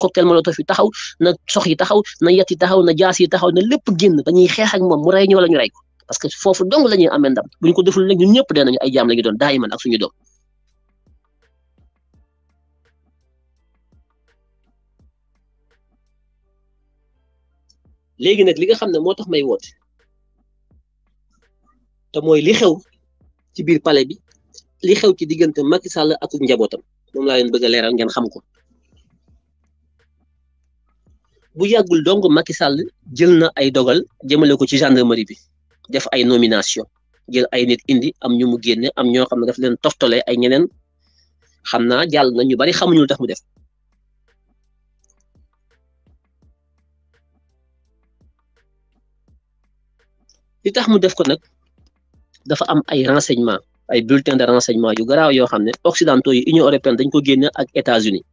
cocktail molotov yi taxaw na sox yi taxaw na yet yi taxaw na jaas yi taxaw na lépp génn dañuy xeex ak moom mu rey ñu wala ñu rey ko parce que foofu dong la ñuy amee ndam bu ñu ko deful léegi ñun ñëpp dee nañu ay jaam la ñu doon daay man ak suñu doom. léegi nag li nga xam ne moo tax may woote te mooy li xew ci biir palais bi li xew ci diggante Macky Sall ak njabootam moom laa leen bëgg leeral ngeen xam ko. bu yàggul donc Macky Sall jël na ay dogal jëmale ko ci gendarmerie bi def ay nomination jël ay nit indi am ñu mu génne am ñoo xam ne daf leen toftale ay ñeneen xam naa jàll na ñu bari xamuñu lu tax mu def li tax mu def ko nag dafa am ay renseignement ay bulletin de renseignement yu garaaw yoo xam ne occidentaux yi Union européenne dañ ko génne ak États-Unis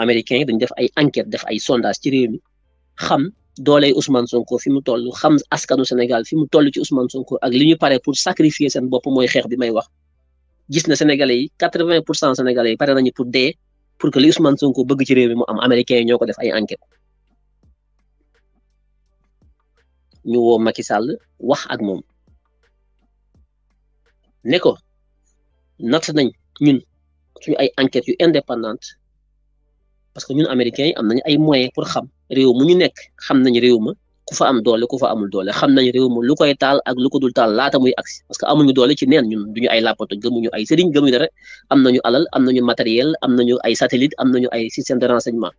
américains yi dañu def ay enquête def ay sondage ci réew mi xam dooley Ousmane Sonko fi mu toll xam askanu Sénégal fi mu toll ci Ousmane Sonko ak li ñu pare pour sacrifier seen bopp mooy xeex bi may wax gis na Sénégalais yi quatre-vingt pour cent Sénégalais yi pare nañu pour dee pour que li Ousmane Sonko bëgg ci réew mi mu am américains yi ñoo ko def ay enquête ñu woo Macky wax ak moom ne ko natt nañ ñun suñu ay enquêtes yu indépendantes parce que ñun américain am nañ ay moyens pour xam réew mu ñu nekk xam nañ réew ma ku fa am doole ku fa amul doole xam nañ réew ma lu koy taal ak lu ko dul taal laata muy agsi parce que amuñu doole ci neen ñun duñu ay làppato gëmuñu ay sëriñ gëmuñu dara am nañu alal am nañu matériel am nañu ay satellite am nañu ay système de renseignement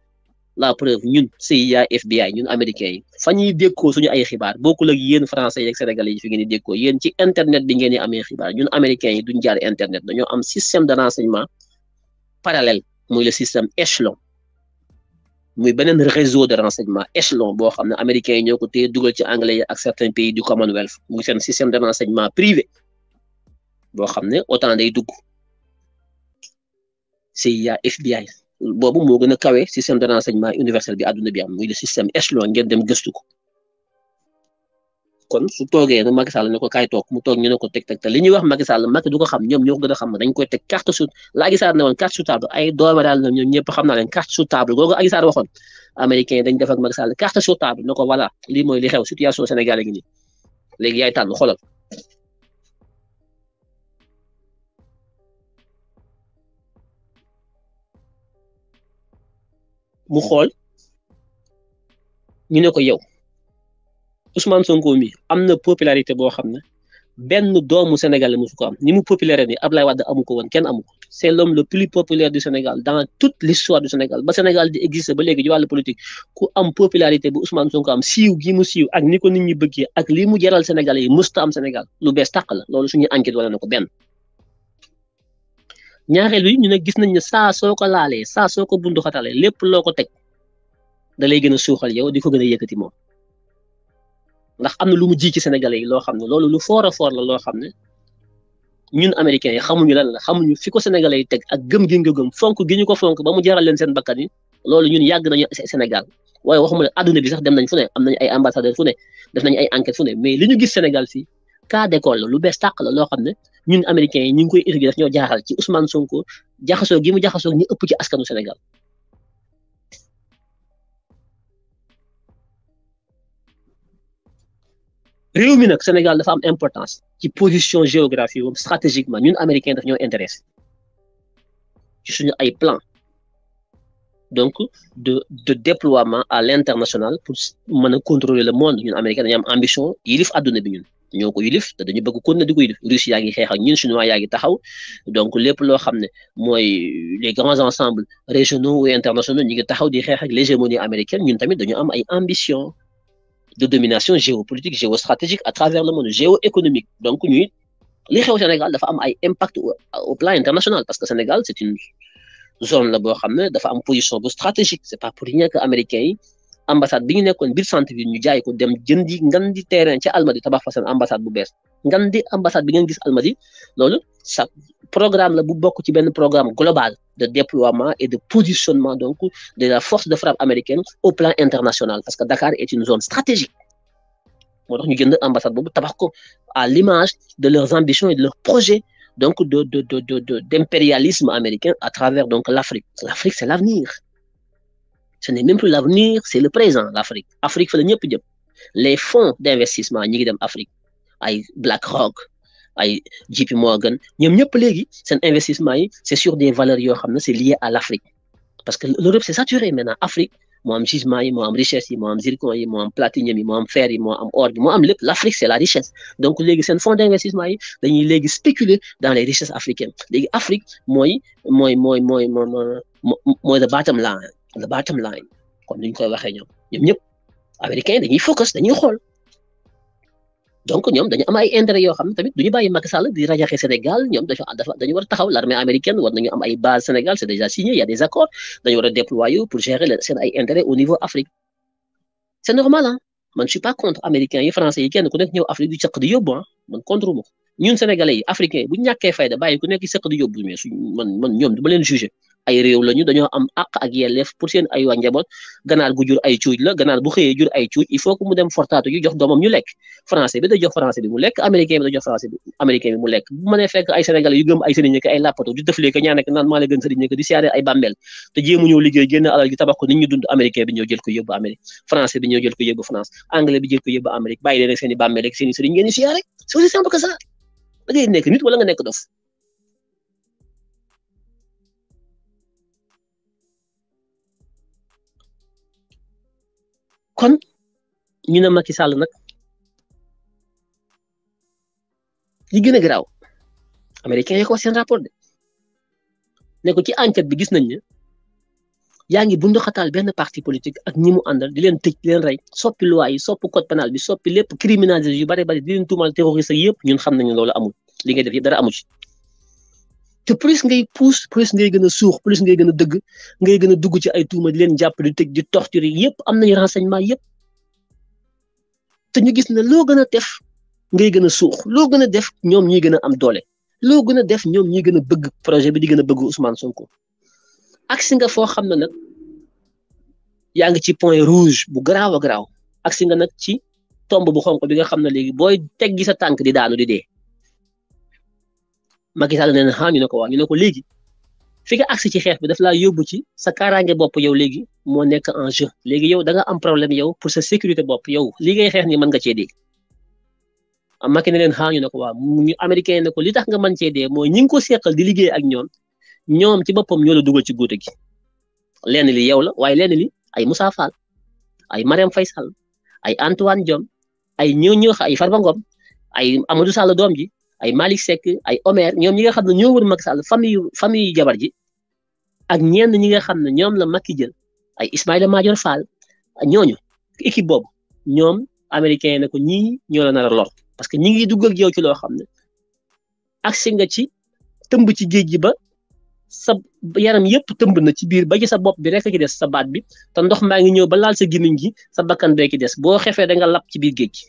la preuve ñun CIA FBI ñun américain yi fa ñuy dékkoo suñu ay xibaar bokkul ak yéen français yi ak sénégalais yi fi ngeen di dékkoo yéen ci internet bi ngeen di amee xibaar ñun américain yi duñ jaar internet dañoo am système de renseignement parallèle muy le système échelon muy beneen réseau de renseignement échelon boo xam ne américains yi ñoo ko téye dugal ci anglais yi ak certains pays du commonwealth muy seen système de renseignement privé boo xam ne OTAN day dugg CIA FBI boobu moo gën a kawe système de renseignement universel bi àdduna bi am muy le système échelon ngeen dem gëstu ko kon su toogee nu Macky Sall ne ko kaay toog mu toog ñu ne ko teg teg te li ñuy wax Macky Sall Macky du ko xam ñoom ñoo ko gën a xam dañ koy teg carte sur la Adji Sarr ne table ay dooma daal na ñoom ñëpp xam naa leen carte sur table googu Adji Sarr waxoon américain dañ def ak Macky Sall carte sur table ne ko voilà lii mooy li xew situation Sénégal gi nii léegi yaay tànn xoolal mu xool ñu ne ko yow Ousmane Sonko mi am na popularité boo xam ne benn doomu Sénégal la am ni mu populaire ni ab Ablaye Wade amu ko woon kenn amu ko c'est l'homme le plus populaire du Sénégal dans toute l'histoire du Sénégal ba Sénégal di existé ba léegi ci wàllu politique ku am popularité bu Ousmane Sonko am siiw gi mu siiw ak ni ko nit ñi bëggee ak li mu jaral Sénégal yi mësta am Sénégal lu bees tàq la loolu suñu enquête wala na ko benn ñaareel yi ñu ne gis nañ ne saa soo ko laalee saa soo ko bundu lépp loo ko teg da lay gën a suuxal yow di ko gën a yëkkati moom ndax am na lu mu ji ci sénégalais loo xam ne loolu lu foor a foor la loo xam ne ñun américains yi xamuñu lan la xamuñu fi ko sénégalais yi teg ak gëm gi nga gëm fonk gi ñu ko fonk ba mu jaral leen seen bakkan yi loolu ñun yàgg nañu Sénégal waaye waxuma la àdduna bi sax dem nañ fu ne am nañu ay ambassadeur fu ne def nañ ay enquête fu ne mais li ñu gis Sénégal fii cas d'école lu bees tàq la loo xam ne ñun américains yi ñu ngi koy étudier daf ñoo jaaxal ci Ousmane Sonko jaxasoo gi mu jaxasoo ñu ëpp ci askanu Sénégal réew mi nag Sénégal dafa am importance ci position géographique stratégiquement ñun américains daf ñoo intéressé ci suñu ay plan donc de de déploiement à l'international pour mën a contrôler le monde ñun américains dañu am ambition yilif àdduna bi ñun ñoo ko yilif te dañu bëgg kon na di ko yilif Russie yaa ngi xeex ak ñun chinois yaa ngi taxaw donc lépp loo xam ne mooy les grands ensembles régionaux ou internationaux ñu ngi taxaw di xeex ak l'hégémonie américaine ñun tamit dañu am ay ambition de domination géopolitique géostratégique à travers le monde géoéconomique donc nous, les au Sénégal dafa am un impact au plan international parce que le Sénégal c'est une zone la boo position stratégique, stratégique c'est pas pour rien que américain yi ambassade bi ñu nekkoon centre bi ñu jaay ko dem jëndi di terrain ca Almadi tabax fa ambassade bu ngandi ambassade bi ngeen gis programme la bu programme global de déploiement et de positionnement donc de la force de frappe américaine au plan international parce que Dakar est une zone stratégique moo ñu ambassade tabax ko à l'image de leurs ambitions et de leurs projets donc de de de de d'impérialisme américain à travers donc l'Afrique l'Afrique c'est l'avenir ce n'est même plus l'avenir c'est le présent l'Afrique Afrique fa la ñëpp les fonds d'investissement ñi Afrique ay BlackRock ay JP Morgan ñoom ñëpp léegi seen investissement yi c' est sur des valeurs yoo xam ne c' est lié à l' Afrique parce que l'Europe c' est saturé maintenant Afrique moo am gisement yi moo am richesse yi moo am zircon yi moo am platinium yi moo am fer yi moo am or bi moo am lépp l' Afrique c' est la richesse donc léegi seen fonds d' investissement yi dañuy léegi spéculer dans les richesses africaines léegi Afrique mooy mooy mooy mooy mooy mooy the bottom line the bottom line comme ni ñu koy waxee ñoom ñoom ñëpp américain dañuy focus dañuy xool. donc ñom dañu am ay intérêt yo xam tamit duñu bayyi Macky Sall di rajaxé Sénégal ñom dafa dafa dañu wara taxaw l'armée américaine war nañu am ay base Sénégal c'est déjà signé il y a des accords dañu wara déployer pour gérer les ay intérêt au niveau Afrique c'est normal hein man je suis pas contre américain et français yi kenn ku nek ñëw Afrique du ciq di yóbbu hein man contre mu ñun sénégalais yi africain bu ñaké fayda bayyi ku nek ciq di yóbbu mais man man ñoom du ma leen juger ay réew lañu dañoo am àq ak yelleef pour seen ay waa njaboot ganaar gu jur ay cuuj la ganaar bu jur ay cuuj il faut que dem fortaatu ju jox doomam ñu bi da jox français bi mu lekk américain ay sénégalais yu ay sëriñ ak ay làppato di dëflee ko ñaan ak naan maa la gën di siyaare ay bàmmeel te jéemu ñëw liggéey tabax ko nit dund américain bi jël ko yóbbu amérique français bi jël ko yóbbu france anglais bi jël ko yóbbu amérique bàyyi leen ak i bàmmeel kon ñu ne Macky Sall nag li gën a garaaw américain yi ko wax seen rapport de ne ko ci enquête bi gis nañ ne yaa ngi bunduxataal benn parti politique ak ñi mu àndal di leen tëj di leen rey soppi loi yi soppi bi soppi lépp criminalisé yu bari bari di leen tuumal terroriste yëpp ñun xam nañu loolu amul li ngay def dara amu ci te plus ngay puus plus ngay gën a suux plus ngay gën a dëgg ngay gën a dugg ci ay tuuma di leen jàpp di tëj di torturer yëpp am nañu renseignement yëpp te ñu gis ne loo gën a def ngay gën a suux loo gën a def ñoom ñi gën a am doole loo gën a def ñoom ñi gën a bëgg projet bi di gën a bëgg Ousmane Sonko agsi nga foo xam na nag yaa ngi ci point rouge bu garaaw a garaaw agsi nga nag ci tomb bu xonk bi nga xam ne léegi booy teggi sa tànk di daanu di Macky Sall nee na xaa ah, ñu ne ko waaw ñu ne ko léegi fi nga agsi ci xeex bi daf laa yóbbu ci sa kaaraange bopp yow léegi moo nekk en jeu léegi yow danga am problème yow pour sa sécurité bopp yow liggéey ngay xeex ni mën nga cee dee am ah, Macky ne leen xaa ah, ne ko waaw ñu américain ne ko li tax nga mën cee dee mooy ñi ko seqal di liggéey ak ñoom ñoom ci boppam ñoo la dugal ci góote gi lenn li yow la waaye lenn li ay Moussa Fall ay Mariam fay Sall ay Antoine Diome ay ñëw ñëw ay Farba Ngom ay Amadou Sall doom ji ay Malick sek ay Omer ñoom ñi nga xam ne ñoo wër Macky Sall famille famille yu jabar ji ak ñenn ñi nga xam ne ñoom la Macky jël ay Ismaïla Madior Fall ñooñu équipe boobu ñoom américain ne ko ñii ñoo la nar a lor parce que ñi ngi dugg ak yow ci loo xam ne aksi nga ci tëmb ci géej gi ba sa yaram yëpp tëmb na ci biir ba ci sa bopp bi rek ki des sa baat bi te ndox maa ngi ñëw ba laal sa gémmiñ gi sa bakkan bee des boo xefee da nga lap ci biir géej gi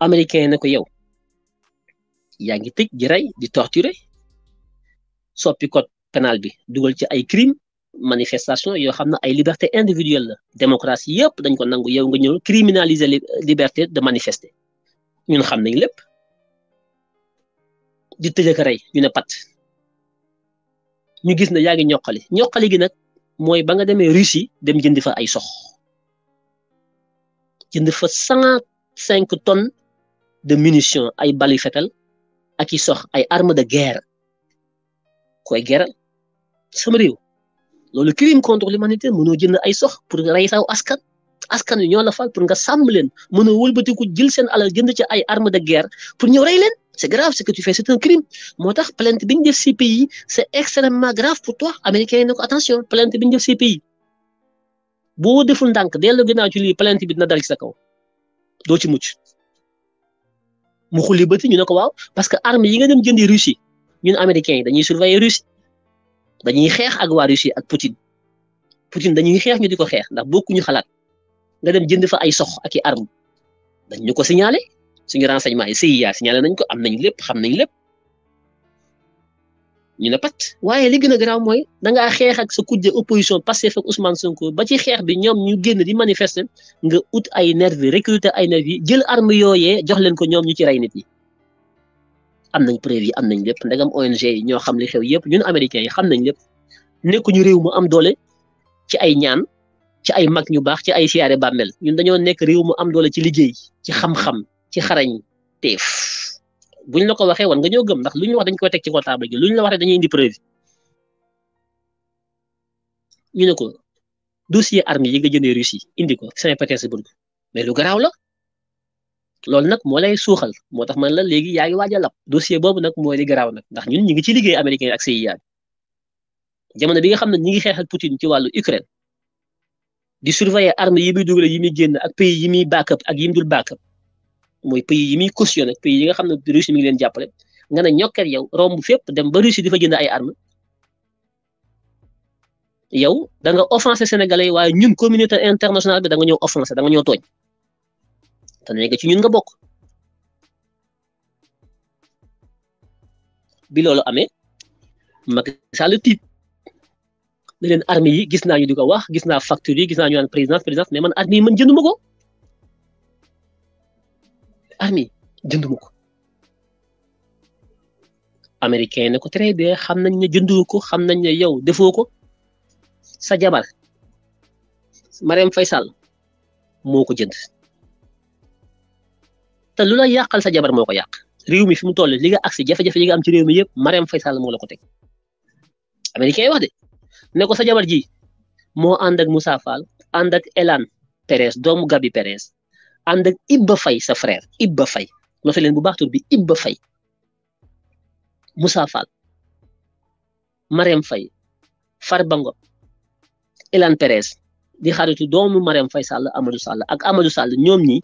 américain yi ne ko yow yaa ngi tëj di rey di torturer soppi code pénal bi dugal ci ay crime manifestation yoo xam ne ay liberté individuelle la démocratie yëpp dañ ko nangu yow nga ñëw criminaliser liberté de manifester ñun xam nañ lépp di tëj ak rey ñu ne pat ñu gis ne yaa ngi ñoqali ñokkali gi nag mooy ba nga demee Russie dem jënd fa ay sox jënd fa cent cinq tonnes de munitions ay bali fetal ak i sox ay armes de guerre koy geral sama réew loolu crime contre l'humanité mënoo jënd ay sox pour ray saw askan askan wi ñoo la fal pour nga sàmm leen mënoo wëlbatiku jël seen alal jënd ci ay armes de guerre pour ñëw ray leen c'est grave ce que tu fais c'est un crime moo tax plainte bi ñu def ci pays c'est extrêmement grave pour toi américain yi ne ko attention plainte bi ñu def ci pays boo deful ndànk dellu ginnaaw ci lii plainte bi dina dal ci sa kaw doo ci mucc mu xulli bëti ñu ne ko waaw parce que arme yi nga dem jëndi Russie ñun américains dañuy surveiller Russie dañuy xeex ak waa Russie ak Poutine Poutine dañuy xeex ñu di ko xeex ndax bokkuñu xalaat nga dem jënd fa ay sox ak i armes dañ ñu ko signalé suñu renseignement yi CIA signalé nañ ko am nañ lépp xam nañ lépp ñu ne pat waaye li gën a garaaw mooy danga xeex ak sa kujje opposition Pastef ak Ousmane Sonko ba ci xeex bi ñoom ñu génn di manifester nga ut ay nervi recruter ay nervi jël arme yooyee jox leen ko ñoom ñu ci rey nit yi am nañ preuve yi am nañ lépp ndegam ONG yi ñoo xam ne xew yëpp ñun américains yi xam nañ lépp nekkuñu réew mu am doole ci ay ñaan ci ay mag ñu baax ci ay siyaare bàmmeel ñun dañoo nekk réew mu am doole ci liggéey ci xam-xam ci xarañ teef buñ la ko waxee woon nga ñoo gëm ndax lu la wax dañ ko teg ci comptable gi luñ la wax rek dañuy indi preuve ñu ne ko dossier armée yi nga jëndee Russie indi ko Saint-Pétersbourg mais lu garaaw la loolu nag moo lay suuxal moo tax man la léegi yaa ngi waaj a lab dossier boobu nag mooy li garaaw nag ndax ñun ñi ngi ci liggéey américain ak CIA bi jamono bi nga xam ne ñi ngi xeex ak ci wàllu Ukraine di surveiller armée yi muy dugal yi muy génn ak pays yi muy backup ak yi mu dul backup mooy pays yi muy cautionné pays yi nga xam ne Russie mi ngi leen jàppale nga ne ñokket yow romb fépp dem ba Russie di fa jënd ay armes yow da nga waaye ñun communauté internationale bi da nga ñëw offensé da nga ñëw tooñ te ci ñun nga bokk bi loolu amee Macky Sall yi gis naa ñu di ko wax gis naa facture yi gis naa ñu naan présidence présidence mais man armée yi man jënduma ko armée jënduma ko américain ne ko très bien xam nañ ne jëndoo ko xam nañ ne yow defoko sa jabar Marème faisal moko jënd te lula yaqal sa jabar moko yaq yàq réew mi fi mu toll li nga aksi jafé jafé yi nga am ci réew mi yépp Marème faisal mo la ko tek américain wax de ne ko sa jabar ji mo andak ak Moussa Fall ànd ak Elan Perez doomu Gabi Perez ànd ak Ibba Faye sa frère Ibba Faye noté leen bu baax tur bi Ibba Faye Moussa Fall Marème fay far Ngom Ilan Perez di xaritu doomu Marème fay Sall Amadou Sall ak Amadou Sall ñoom ñi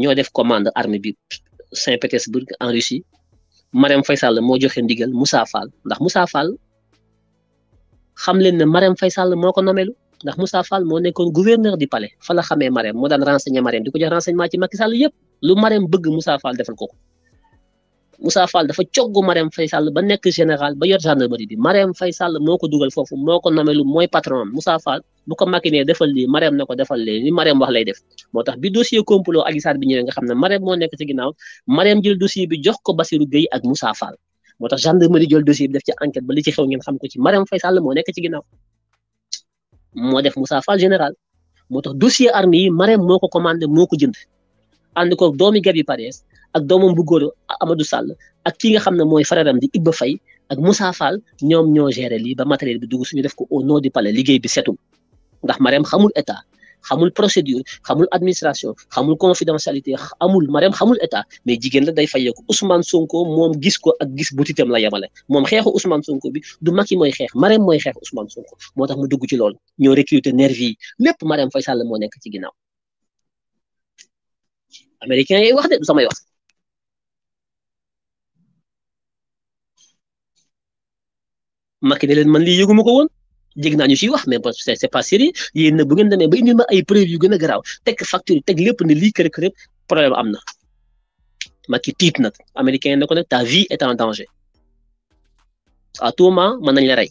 ñoo def commande armée bi Saint-Pétersbourg en Russie Marème Faye Sall moo joxe ndigal Moussa Fall ndax Moussa Fall xam leen ne Marème Faye Sall moo ko nomelu ndax Moussa Fall moo nekkoon gouverneur du palais fa la xamee Marème moo daan renseigner Marème di ko jox renseignement ci Macky Sall yëpp ko ko Moussa Fall dafa coggu Marème Faye Sall ba nekk général ba yor gendarmerie bi Marème Faye ko dugal foofu moo ko namelu mooy patron am Moussa Fall bu ko Macky nee defal lii na ko defal lii li Marème wax moo tax bi dossier complot Adji Sarr bi ñëwee nga moo nekk ci ginnaaw Marème jël dossier bi jox ko ak Moussa Fall moo tax gendarmerie jël dossier bi def li ci xew ngeen xam ko ci moo nekk ci ginnaaw moo def Moussa Fall général moo tax dossier armes yi Marème moo ko commandé moo ko jënd ànd ko doomi Gaby Parees ak doomam bu góor Amadou Sall ak ki nga xam ne mooy frèram di Ibba fay ak Moussa Fall ñoom ñoo géré lii ba matériel bi dugg suñu def ko au nom di palais liggéey bi setul ndax Marème xamul état xamul procédure xamul administration xamul confidentialité amul Mariam xamul état mais jigen la day fayeku Ousmane Sonko mom gis ko ak gis boutitem la yamale mom xexu Ousmane Sonko bi du maki moy xex Mariam moy xex Ousmane Sonko motax mu dugg ci loolu ñoo recruter nervi lépp Mariam Faye Sall moo nekk ci ginaaw américain yi wax de du samay wax Macky ne leen man li yëguma ko woon jég naa ñu si wax mais c' est pas sérieux yéen nag bu ngeen demee ba indi ma ay preuve yu gën a garaaw teg facture teg lépp ne lii kër kër problème am na Macky tiit nag américain na ko nag ta vie est en danger à tout moment mën nañ la rey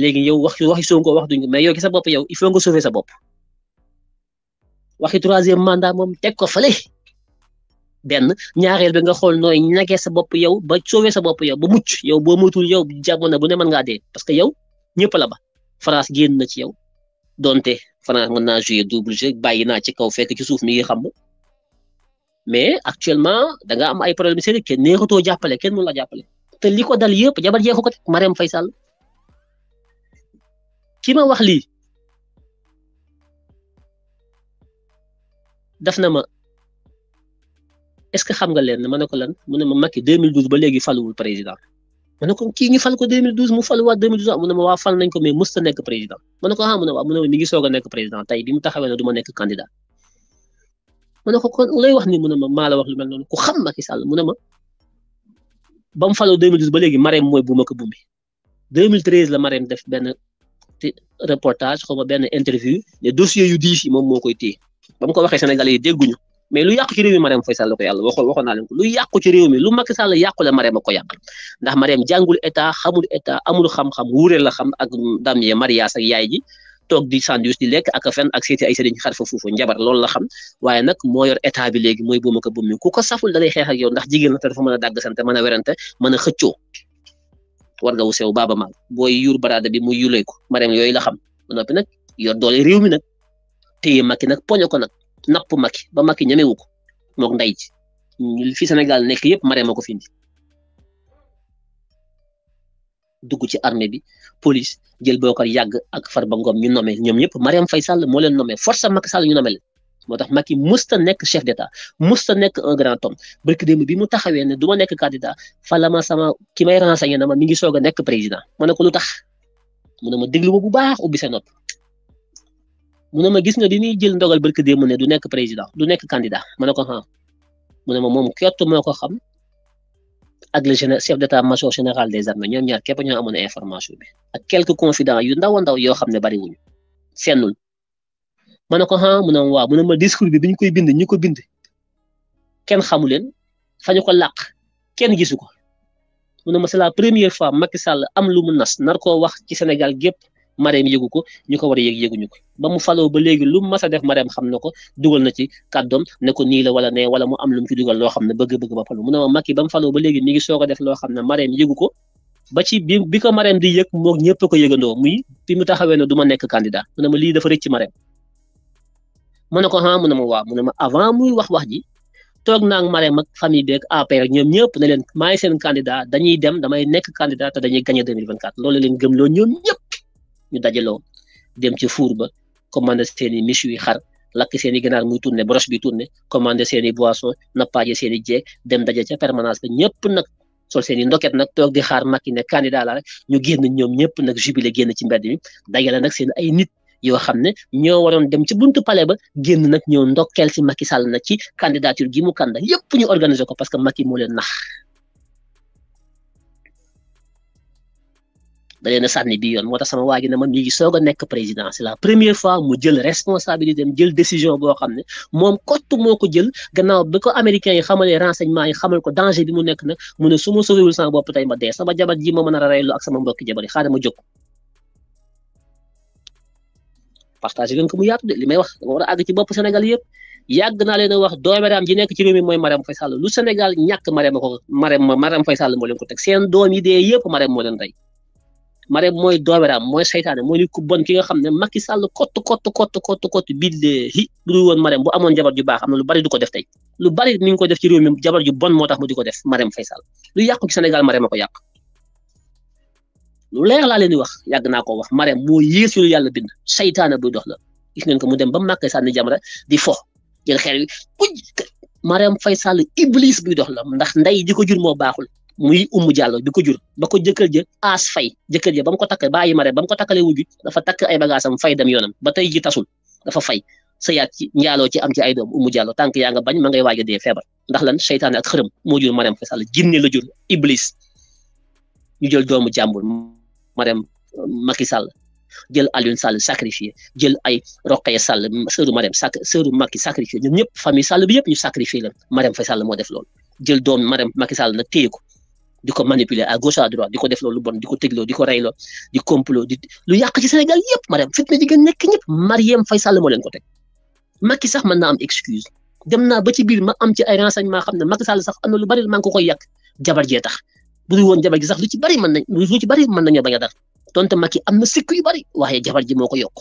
léegi yow wax waxi Sonko wax duñ mais yow ki sa bopp yow il faut nga sauver sa bopp waxi troisième mandat moom teg ko fale benn ñaareel bi nga xool nooy ñagee sa bopp yow ba soowee sa bopp yow ba mucc yow boo moytuwul yow jamono bu ne mën ngaa dee parce que yow. ñëpp la ba France génn na ci yow donte France mën naa jouer double jeu bàyyi naa ci kaw fekk ci suuf mi ngi xam mais actuellement da nga am ay problème yu sérieux kenn neexatoo jàppale kenn mënu la jàppale te li ko dal yëpp jabar jeexu ko teg Marème fay Sall ki ma wax lii daf na ma est-ce que xam nga leen ne ma ne ko lan mu ne ma Macky 2012 ba léegi faluwul président. ma ne ko kii ñu fal ko 2012 mu faluwaat 2012 mu ne ma waa fal nañ ko mais mësta nekk président ma ne ko ah mu ne waa mu ne ma mi ngi soog a nekk président tey bi mu taxawee ne ma nekk candidat ma ne ko kon lay wax ni mu ne ma maa la wax lu mel noonu ku xam ki Sall mu ne ma ba mu faloo 2012 ba léegi Marème mooy bu ma ko bumbi 2013 la Marème def benn reportage xaw ma benn interview ne dossier yu diis yi moom moo koy téye ba mu ko waxee Sénégalais yi dégguñu mais lu yàqu ci réew mi Marème Faye Sall la ko yàlla waxoon waxoon naa leen ko lu yàqu ci réew mi lu Macky a ko yàq ndax Marème jàngul état xamul état amul xam-xam wuure la xam ak dam yee marias ak yaay ji toog di sandwich di lekk ak fen ak seeti ay sëriñ xar fa foofu njabar lool la xam waaye nag moo yor état bi léegi mooy buuma ko buum mi ku ko saful da lay xeex ak yow ndax jigéen la te dafa mën a dàgg sante mën a werante mën a xëccoo war nga wu sew baaba maal booy yuur baraada bi mu yulee ko Marème yooyu la xam ba noppi nag yor doole réew mi nag téye Macky nag poñe ko nag napp Macky ba Macky ñemewu ko mook ndey ci fi senegal nekk yëpp Marème moo ko findi indi dugg ci armée bi police jël Bocar Yàgg ak Farba Ngom ñu nommé ñoom ñëpp Mariam Faye Sall moo leen nommé force Macky Sall ñu nommé leen moo tax Macky musta nekk chef d'état musta nekk un grand homme barki démb bi mu taxawee ne du ma nekk candidat falama sama ki may renseigné na ma mi ngi soog a nekk président ma ne ko lu tax mu ne ma déglu ma bu baax ubbi sa nopp mu ne ma gis nga di ñuy jël ndogal barki démb ne du nekk président du nekk candidat ma ne ko xam ah. mu ne ma moom kett moo ko xam ak le chef d'état major général des armées ñoom ñaar képp ñoo amoon information bi ak quelques confidents yu ndaw ndaw yoo xam ne bariwuñu sennul ma ne ko xam ah. mu waaw mu ne ma discours bi bi ñu koy bind ñu ko bind kenn xamu leen fa ko làq kenn gisu ko mu ne ma la première fois Macky Sall am lu mu nas nar koo wax ci Sénégal gépp Marème yëgu ko ñu ko war a yëg yëguñu ko ba mu faloo ba léegi lu mas a def Marème xam na ko dugal na ci kàddoom ne ko nii la wala ne wala mu am lu mu ci dugal loo xam ne bëgg-bëgg ba falu mu ne ma Macky ba mu faloo ba léegi mi ngi soog a def loo xam ne Marème yëgu ko ba ci bi bi ko Marème di yëg moo ñëpp ko yëgandoo muy fi mu taxawee ne du ma nekk candidat mu ne ma lii dafa rëcc mu ne ko ah mu ne ma waaw mu ne ma avant muy wax wax ji toog naa ak Marème ak famille beeg APR ñoom ñëpp ne leen maay seen candidat dañuy dem damay nekk candidat te dañuy gagné 2024 loolu leen gëm loo ñoom ñëpp ñu dajaloo dem ci fuur ba commandé seen i miche yi xar lakk seen i ganaar muy tourné broche bi tourné commandé seen i boisson nappaaje seen i jeeg dem daje ca permanence ba ñëpp nag sol seen ndoket nag toog xaar Macky ne candidat la rek ñu génn ñoom ñëpp nag jubilé génn ci mbedd mi dajale nag seen ay nit yoo xam ne ñoo waroon dem ci buntu pale ba génn nag ñoo ndokkeel si Macky Sall nag ci candidature gi mu kanda yëpp ñu organiser ko parce que Macky moo leen nax da na a sànni bii yoon moo tax sama waa ji ne man mi ngi soog a nekk président c'est la première fois mu jël responsabilité am jël décision boo xam ne moom kott moo ko jël gannaaw bi ko américains yi xamalee renseignement yi xamal ko danger bi mu nekk nag mu ne su ma sauvéwul sama bopp ma dee sama jabar ji ma mën a reylu ak sama mbokki jabar yi xaaral ma jóg partagé leen ko mu yaatu de li may wax dama war a ci bopp Sénégal yëpp yàgg naa leen wax doomeraam ji nekk ci réew mi mooy Marème Faye Sall lu Sénégal ko Marème Marème Faye Sall moo leen ko teg yi dee yëpp Marème moo leen rey Marème mooy dooberaam mooy seytaane mooy ni ku bon ki nga xam ne Macky Sall kott kott kott kott kott billahi bu dul woon Marème bu amoon jabar ju baax am na lu bari du ko def tey lu bari ni ngi ko def ci réew mi jabar ju bon moo tax mu di ko def Marème Faye Sall lu yàqu ci Sénégal Marème a ko lu leer laa leen di wax yàgg naa ko wax Marème moo yées lu yàlla bind seytaane buy dox la gis ngeen ko mu dem ba Macky Sall ni jamra di fo jël xeer wi uj Marème Faye Sall iblis buy dox la ndax ndey di ko jur moo baaxul muy Oumou Diallo bi ko jur ba ko jëkkër ja aas fay jëkkër ja ba mu ko takk bàyyi ma rek ba ko takkalee wujj dafa takk ay bagaasam fay dem yoonam ba tey ji tasul dafa fay sëyaat ci njaaloo ci am ci ay doom Oumou Diallo tànk yaa nga bañ ma ngay waaj a dee feebar ndax lan seytaane ak xërëm moo jur Marème Faye Sall jinne la jur Iblis ñu jël doomu jàmbur Marème Macky Sall jël Alioune Sall sacrifié jël ay Roqee Sall sëru Marème sac sëru Macky sacrifié ñoom ñëpp famille Sall bi yëpp ñu sacrifié leen Marème Faye Sall moo def loolu jël doom Marème Macky Sall nag téye ko di ko manipuler a gauche à di ko def loolu bon di ko tëgloo di ko reyloo di complot di lu yàq ci Sénégal yëpp Mariam fitna ji gën nekk ñëpp Mariam Faye Sall moo ko teg Macky sax mën na am excuse dem naa ba ci biir ma am ci ay renseignement xam ne Macky Sall sax am na lu bari maa ngi ko koy yàq jabar jee tax bu woon jabar ji sax lu ci bari mën na lu ci bari mën nañoo bañ a dar donte Macky am na sikk yu bari waaye jabar ji moo ko yokk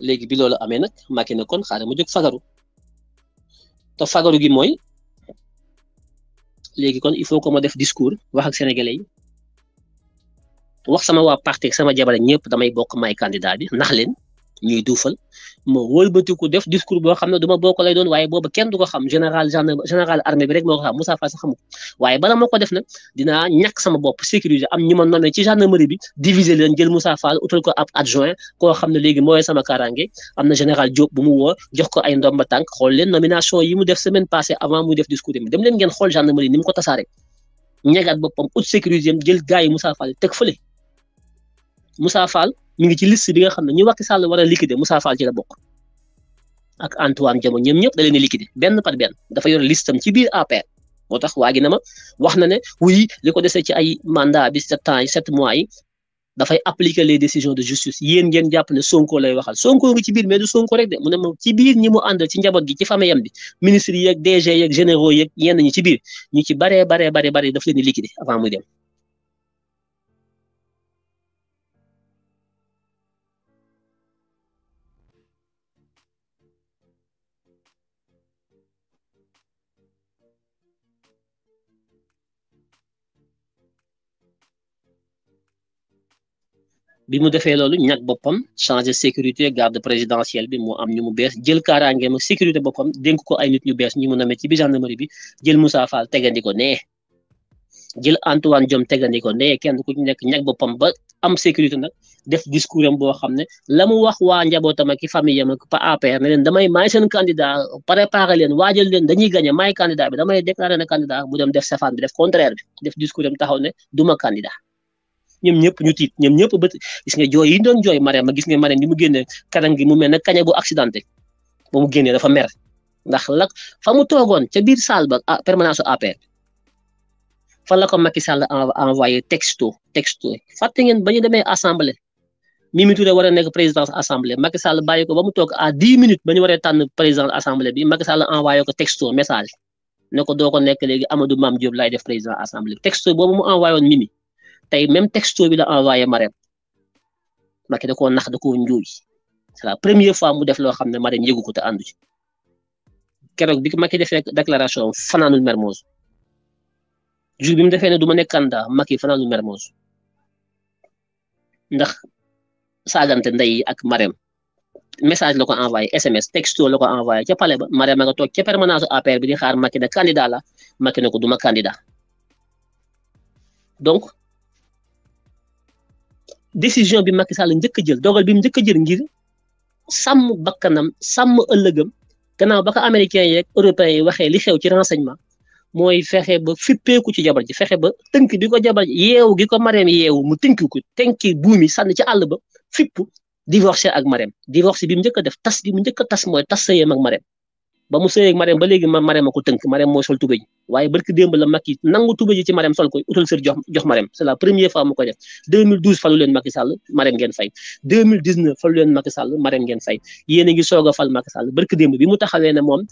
léegi bi loolu amee nag Macky ne kon xaaral ma jóg fagaru ta fagaru gi mooy léegi kon il faut que ma def discours wax ak sénégalais wax sama waa parti sama jabar ñëpp damay bokk may candidat bi ndax leen ñuy duufal moo wëlbatiku def discours boo xam ne du ma bokk lay doon waaye booba kenn du ko xam général gendarme général armée bi rek moo ko xam Moussa Fall sax xamu ko waaye bala moo ko def nag dinaa ñàkk sama bopp sécuriser am ñi ma nommé ci gendarmerie bi diviser leen jël Moussa Fall utal ko ab adjoint koo xam ne léegi mooy sama kaaraange am na général Diop bu mu woo jox ko ay ba tànk xool leen nomination yi mu def semaine passée avant muy def discours yi dem leen ngeen xool gendarmerie ni mu ko jël gars yi Moussa Fall teg fële Moussa mi ngi ci liste bi nga xam ne ñu Macky Sall war a liquider Moussa Fall ci la bokk ak Antoine Diome ñoom ñëpp da leen di benn par benn dafa yor listam ci biir APR moo tax waa gi na ma wax na ne oui li ko desee ci ay mandat bi sept ans yi sept mois yi dafay appliquer les décisions de justice yéen ngeen jàpp ne Sonko lay waxal Sonko ngi ci biir mais du Sonko rek de mu ne ma ci biir ñi mu àndal ci njaboot gi ci fameyam bi ministre yeeg DG yeeg généraux yeeg yenn ñi ci biir ci baree baree baree baree daf leen di liquider avant muy dem. bi mu defee loolu ñàkk boppam changé sécurité garde présidentielle bi mu am ñu mu bees jël kaaraangeem ak sécurité boppam dénk ko ay nit ñu bees ñu mu namee ci bi gendarmerie bi jël Moussa Fall tegandi ko jël Antoine Diome tegandi ko nee kenn ku ci nekk ñàkk boppam ba am sécurité nag def discours am boo xam ne la mu wax waa njabootam ak famille am ak APR ne leen maay seen candidat préparé leen waajal leen dañuy gagné maay candidat bi damay déclaré na candidat mu dem def safaan bi def contraire bi def discours am taxaw ne duma candidat. ñom ñepp ñu tit ñom ñepp ba gis nga joy yi doon jooy ma gis nga Mariam ni mu génne kanam gi mu melne ne bu accidenté bu mu génnee dafa mer ndax la fa mu togon ci bir salle ba ah, permanence APR fa la ko Macky Sall envoyé texto texto fàtte ngeen bañu démé assemblée Mimi Touré wara a nekk présidence assemblée Macky Sall bayiko ba mu tok à 10 minutes bañu ñu tan président assemblée bi Macky Sall envoyé ko texto message ne ko doko nek nekk Amadou mam Diop lay def président assemblée texto bobu mu envoyé woon Mimi. tey même texto bi la envoyé Marème Macky da nax da ko njuuy c'est la première fois mu def loo xam ne Marème yëgu ko te àndu ci keroog bi Macky defee déclaration fanaanul Mermoz jour bi mu defee ne du ma nekk candidat Macky fanaanul Mermoz ndax saagante ndey ak Marème message la ko envoyé SMS texto la ko envoyé ca pale ba Marème nga toog ca permanence APR bi di xaar Macky ne candidat la Macky ne ko du ma candidat donc. décision bi Macky Sall njëkk a jël dogal bi mu njëkk a jël ngir sàmm bakkanam sàmm ëllëgam gannaaw ba ko américains yeeg européens yi waxee li xew ci renseignement mooy fexe ba fippeeku ci jabar ji fexe ba tënk bi ko jabar yeew yeewu gi ko Marème yeewu mu tënk ko tënki buumi sànni ci àll ba fipp divorcé ak Marème divorcé bi mu njëkk def tas bi mu njëkk tas mooy tas sëyeem ak Marème ba mu sëyeeg Marème ba léegi ma Marème a ko tënk Marème mooy sol tubéy waaye barki démb la Macky nangu tubéy ci Marème sol ko utal sër jox jox Marème c'est la première fois koy def 2012 falu leen Macky Sall Marème ngeen fay 2019 falu ngeen fay yéen ngi soog a fal Macky Sall barki démb bi mu taxawee ne moom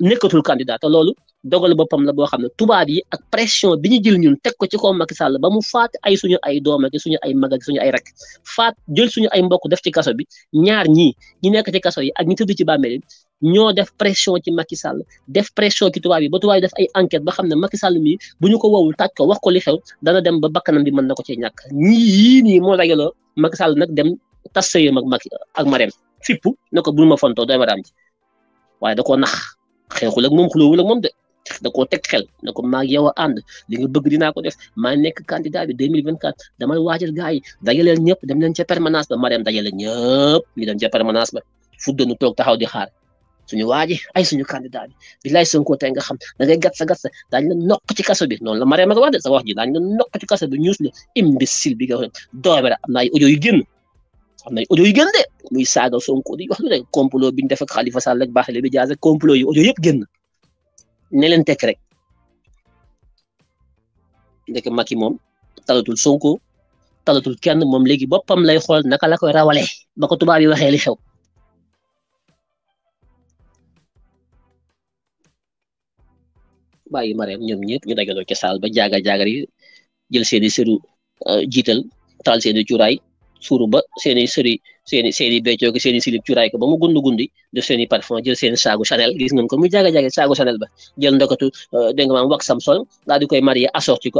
nekkatul candidat te loolu dogal boppam la boo xam ne tubaab yi ak pression bi ñu jël ñun teg ko ci kaw Macky Sall ba mu faat ay suñu ay doom ak suñu ay mag ak suñu ay rek faat jël suñu ay mbokk def ci kaso bi ñaar ñii ñi nekk ci kaso yi ak ñi tëdd ci bàmmeel ñoo def pression ci maki Sall def pression ci tubaab yi ba tubaab def ay enquete ba xam ne maki Sall mii bu ñu ko wowul taaj ko wax ko li xew dana dem ba bakkanam bi mën na ko cee ñàkk ñii yii nii moo dajaloo Macky Sall nag dem tas sëyam ak Macky ak Marème fippu ne ko bul ma fontoo doy ma daam ji waaye da ko nax xeexul ak moom xuloowul ak moom de da koo teg xel ne ko maa yow a ànd li nga bëgg dinaa ko def maa nekk candidat bi 2024 damay waajal gars yi dajaleel ñëpp dem leen ca permanence ba Marème dajale ñëpp ñu dem ca permanence ba toog taxaw di xaar suñu waaji ay suñu candidat bi billaay Sonko tey nga xam da ngay gat sa gat na daañu la ci kaso bi noonu la Mariama ko wax de sa wax ji daañu la nokk ci kaso bi ñuus la bi nga xam doobere am na ay audio yu génn am na ay audio yu de muy saaga Sonko di wax lu ne bi ñu def ak Khalifa Sall ak Barthélémy Dias ak complot yu audio yëpp génn leen tekk rek ndeke Macky moom talatul Sonko talatul kenn moom léegi boppam lay xool naka la koy rawalee ba ko tubaab yi waxee li xew bàyyi mareem ñoom ñëpp ñu dajaloo ca saal ba jaaga jaagar yi jël seeni sëru euh, jiital taal seeni cuuraay suuru ba seeni sëri seeni seeni béccoo ki seeni silib cuuraay ko ba mu gund gundi def seeni parfum jël seeni saagu Chanel gis ngeen ko muy jaga-jage saagu Chanel ba jël ndokatu euh, di koy marié assorti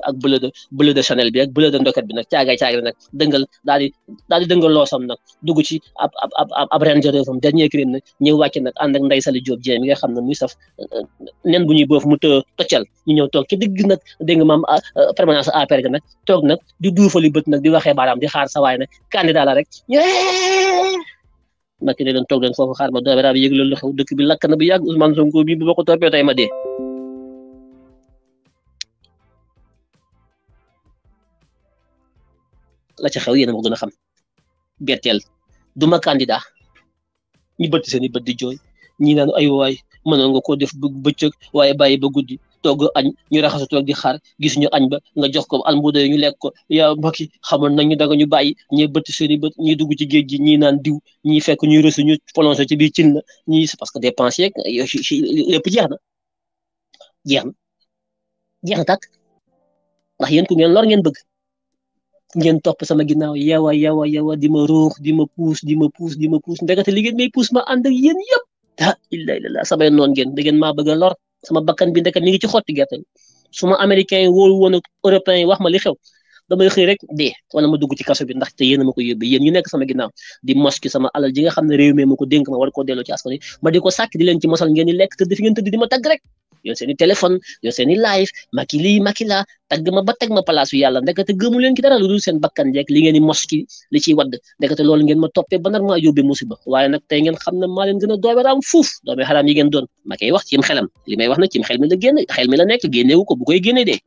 permanence APR ga nag toog nag di duufali bët nag di waxee baaraam di xaar sa nag candidat la rek Macky ne leen toog leen foofu xaar ma doobéraa bi yëg loolu xew dëkk bi lakk na bu yàgg Ousmane Sonko bi bu ma ko toppee tey ma ca xew yéen a gën a xam berteel du ma candidat ñu bëtt seen i bët jooy ñi naan ay waay mënoon nga koo def bëccëg waaye bàyyi ba guddi togg añ ñu raxasu tok di xaar ñu añ ba nga jox ko almuda ñu lek ko ya mbokki xamoon nañu daga ñu bayyi ñi bëtt seeni bëtt ñi dugg ci géej gi ñi naan diw ñi fekk ñuy reçu ñu ci bi cin na ñi parce que jeex na jeex na jeex tak ndax yeen ku ngeen lor ngeen bëgg ngeen top sama ginnaw yawa yawa yawa di ma dima di ma pousse di ma puus di ma puus li ngeen may pousse ma and ak yeen yëpp ta illa illa sama non ngeen da ngeen bëgg lor sama bakkan bi ndeket mi ngi ci xotti gerte bi su ma américain yi wóolu woon ak européens yi wax ma li xew damay xëy rek dee wala ma dugg ci kaso bi ndaxte yéen a ma ko yóbbee yéen ñu nekk sama ginnaaw di moski sama alal ji nga xam ne réew ma ko dénk ma war koo delloo ci ma di ko sàkk di leen ci mosal ngeen di lekk tëdd fi ngeen di ma tagg rek yoo seen i téléphone yor seen live maki lii maki laa tagg ba teg ma palaasu yàlla ndekete gëmu leen ki dara lu dul seen bakkan li ngeen di mos ki li ciy wadd ndekete ngeen ma toppee ba nar maa yóbbee musiba na nag tey ngeen xam ne maa leen gën a dooberaam fuuf doome xaraam yi ngeen doon ma koy cim xelam li may wax nag cim xel mi la la nekk génneewu ko bu koy génne dee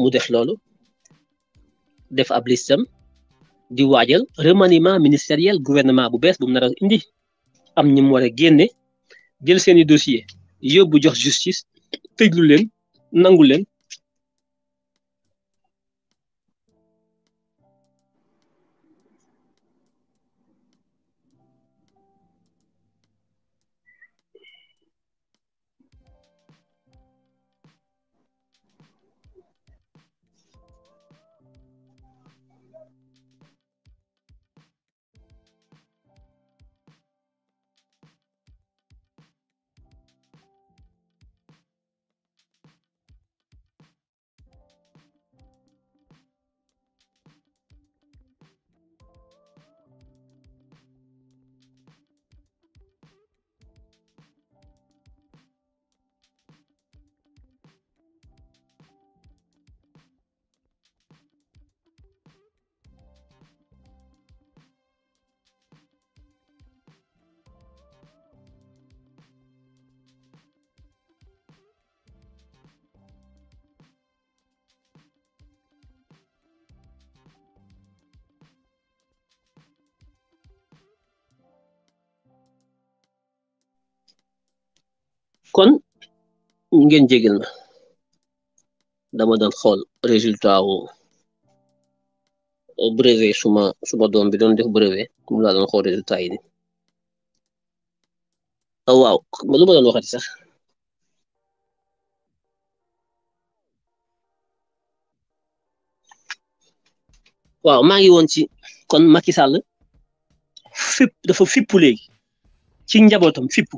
mu def loolu def ab listam di waajal remaniement ministériel gouvernement bu bees bu mu a indi am ñi mu war a génne jël seeni dossier yóbbu jox justice tëjlu leen nangu leen kon ngeen jégal ma dama doon xool résultat wu euh, brevet suma suma doom bi doon def brevet mu laa doon xool résultat yi ni ah, waaw lu ma sax waaw maa ngi woon ci kon Macky Sall fipp dafa fippu léegi ci njabootam fippu